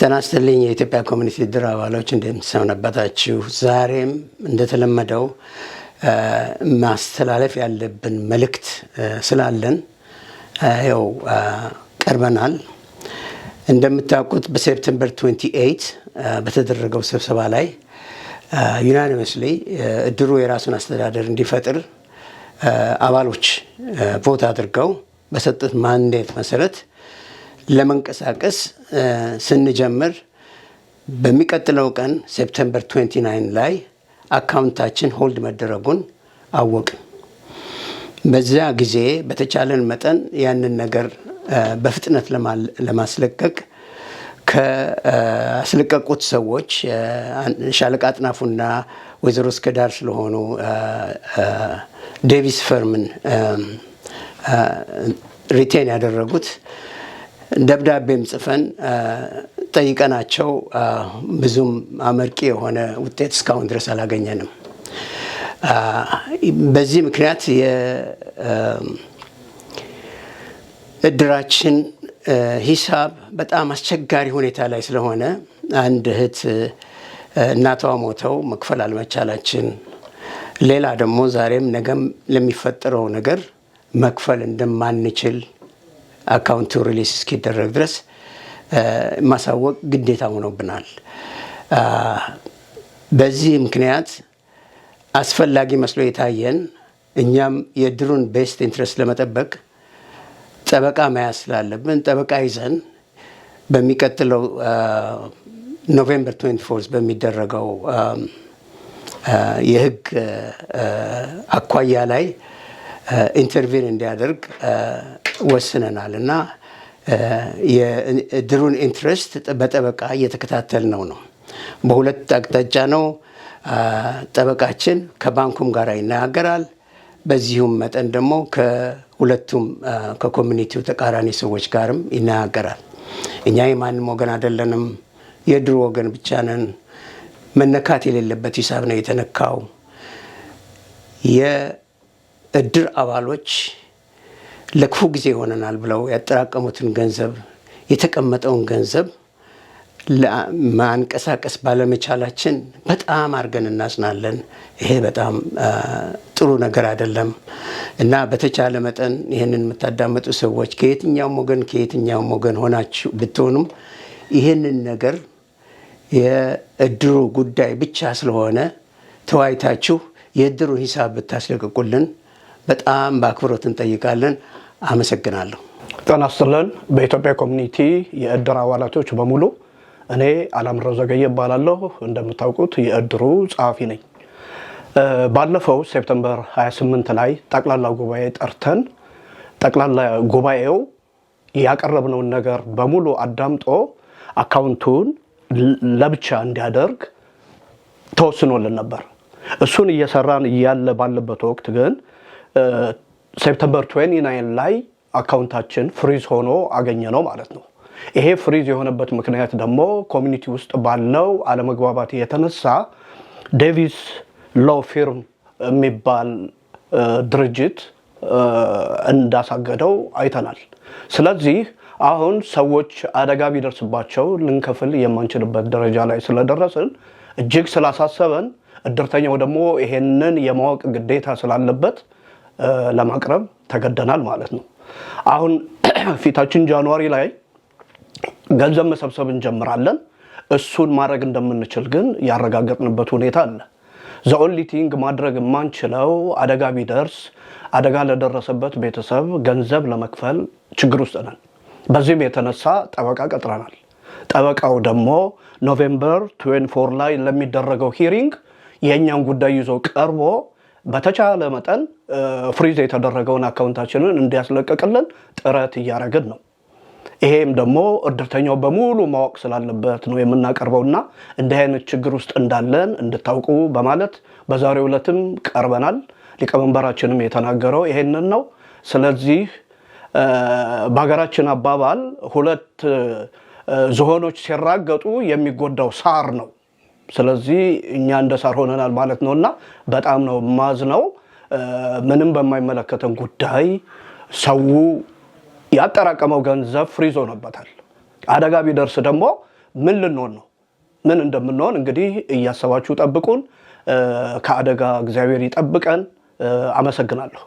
ጤና ይስጥልኝ የኢትዮጵያ ኮሚኒቲ ድር አባሎች እንደምሰነበታችሁ። ዛሬም እንደተለመደው ማስተላለፍ ያለብን መልእክት ስላለን ያው ቀርበናል። እንደምታውቁት በሴፕቴምበር 28 በተደረገው ስብሰባ ላይ ዩናኒመስሊ እድሩ የራሱን አስተዳደር እንዲፈጥር አባሎች ቮት አድርገው በሰጡት ማንዴት መሰረት ለመንቀሳቀስ ስንጀምር በሚቀጥለው ቀን ሴፕተምበር 29 ላይ አካውንታችን ሆልድ መደረጉን አወቅን። በዚያ ጊዜ በተቻለን መጠን ያንን ነገር በፍጥነት ለማስለቀቅ ከአስለቀቁት ሰዎች ሻለቃ አጥናፉና ወይዘሮ እስከዳር ስለሆኑ ዴቪስ ፈርምን ሪቴን ያደረጉት ደብዳቤም ጽፈን ጠይቀናቸው ብዙም አመርቂ የሆነ ውጤት እስካሁን ድረስ አላገኘንም። በዚህ ምክንያት የእድራችን ሂሳብ በጣም አስቸጋሪ ሁኔታ ላይ ስለሆነ አንድ እህት እናቷ ሞተው መክፈል አልመቻላችን፣ ሌላ ደግሞ ዛሬም ነገም ለሚፈጠረው ነገር መክፈል እንደማንችል አካውንቱ ሪሊስ እስኪደረግ ድረስ ማሳወቅ ግዴታ ሆኖብናል። በዚህ ምክንያት አስፈላጊ መስሎ የታየን እኛም የድሩን ቤስት ኢንትረስት ለመጠበቅ ጠበቃ መያዝ ስላለብን ጠበቃ ይዘን በሚቀጥለው ኖቬምበር 24 በሚደረገው የህግ አኳያ ላይ ኢንተርቪን እንዲያደርግ ወስነናል እና የእድሩን ኢንትረስት በጠበቃ እየተከታተል ነው ነው በሁለት አቅጣጫ ነው። ጠበቃችን ከባንኩም ጋር ይነጋገራል። በዚሁም መጠን ደግሞ ከሁለቱም ከኮሚኒቲው ተቃራኒ ሰዎች ጋርም ይነጋገራል። እኛ የማንም ወገን አይደለንም፣ የድሩ ወገን ብቻ ነን። መነካት የሌለበት ሂሳብ ነው የተነካው። የእድር አባሎች ለክፉ ጊዜ ይሆነናል ብለው ያጠራቀሙትን ገንዘብ የተቀመጠውን ገንዘብ ማንቀሳቀስ ባለመቻላችን በጣም አድርገን እናዝናለን። ይሄ በጣም ጥሩ ነገር አይደለም እና በተቻለ መጠን ይህንን የምታዳመጡ ሰዎች ከየትኛውም ወገን ከየትኛውም ወገን ሆናችሁ ብትሆኑም ይህንን ነገር የእድሩ ጉዳይ ብቻ ስለሆነ ተወያይታችሁ የእድሩ ሂሳብ ብታስለቅቁልን በጣም በአክብሮት እንጠይቃለን። አመሰግናለሁ። ጤና ይስጥልን። በኢትዮጵያ ኮሚኒቲ የእድር አባላቶች በሙሉ እኔ አላምረው ዘገየ እባላለሁ። እንደምታውቁት የእድሩ ጸሐፊ ነኝ። ባለፈው ሴፕተምበር 28 ላይ ጠቅላላ ጉባኤ ጠርተን ጠቅላላ ጉባኤው ያቀረብነውን ነገር በሙሉ አዳምጦ አካውንቱን ለብቻ እንዲያደርግ ተወስኖልን ነበር። እሱን እየሰራን እያለ ባለበት ወቅት ግን ሴፕተምበር 29 ላይ አካውንታችን ፍሪዝ ሆኖ አገኘ ነው ማለት ነው። ይሄ ፍሪዝ የሆነበት ምክንያት ደግሞ ኮሚኒቲ ውስጥ ባለው አለመግባባት የተነሳ ዴቪስ ሎ ፊርም የሚባል ድርጅት እንዳሳገደው አይተናል። ስለዚህ አሁን ሰዎች አደጋ ቢደርስባቸው ልንከፍል የማንችልበት ደረጃ ላይ ስለደረስን እጅግ ስላሳሰበን፣ እድርተኛው ደግሞ ይሄንን የማወቅ ግዴታ ስላለበት ለማቅረብ ተገደናል ማለት ነው። አሁን ፊታችን ጃንዋሪ ላይ ገንዘብ መሰብሰብ እንጀምራለን። እሱን ማድረግ እንደምንችል ግን ያረጋገጥንበት ሁኔታ አለ። ዘኦንሊ ቲንግ ማድረግ የማንችለው አደጋ ቢደርስ አደጋ ለደረሰበት ቤተሰብ ገንዘብ ለመክፈል ችግር ውስጥ ነን። በዚህም የተነሳ ጠበቃ ቀጥረናል። ጠበቃው ደግሞ ኖቬምበር 24 ላይ ለሚደረገው ሂሪንግ የእኛን ጉዳይ ይዞ ቀርቦ በተቻለ መጠን ፍሪዝ የተደረገውን አካውንታችንን እንዲያስለቀቅልን ጥረት እያደረግን ነው። ይሄም ደግሞ እድርተኛው በሙሉ ማወቅ ስላለበት ነው የምናቀርበውና እንዲህ አይነት ችግር ውስጥ እንዳለን እንድታውቁ በማለት በዛሬው ዕለትም ቀርበናል። ሊቀመንበራችንም የተናገረው ይሄንን ነው። ስለዚህ በሀገራችን አባባል ሁለት ዝሆኖች ሲራገጡ የሚጎዳው ሳር ነው ስለዚህ እኛ እንደ ሳር ሆነናል ማለት ነው እና በጣም ነው ማዝ ነው። ምንም በማይመለከተን ጉዳይ ሰው ያጠራቀመው ገንዘብ ፍሪዝ ሆኖበታል። አደጋ ቢደርስ ደግሞ ምን ልንሆን ነው? ምን እንደምንሆን እንግዲህ እያሰባችሁ ጠብቁን። ከአደጋ እግዚአብሔር ይጠብቀን። አመሰግናለሁ።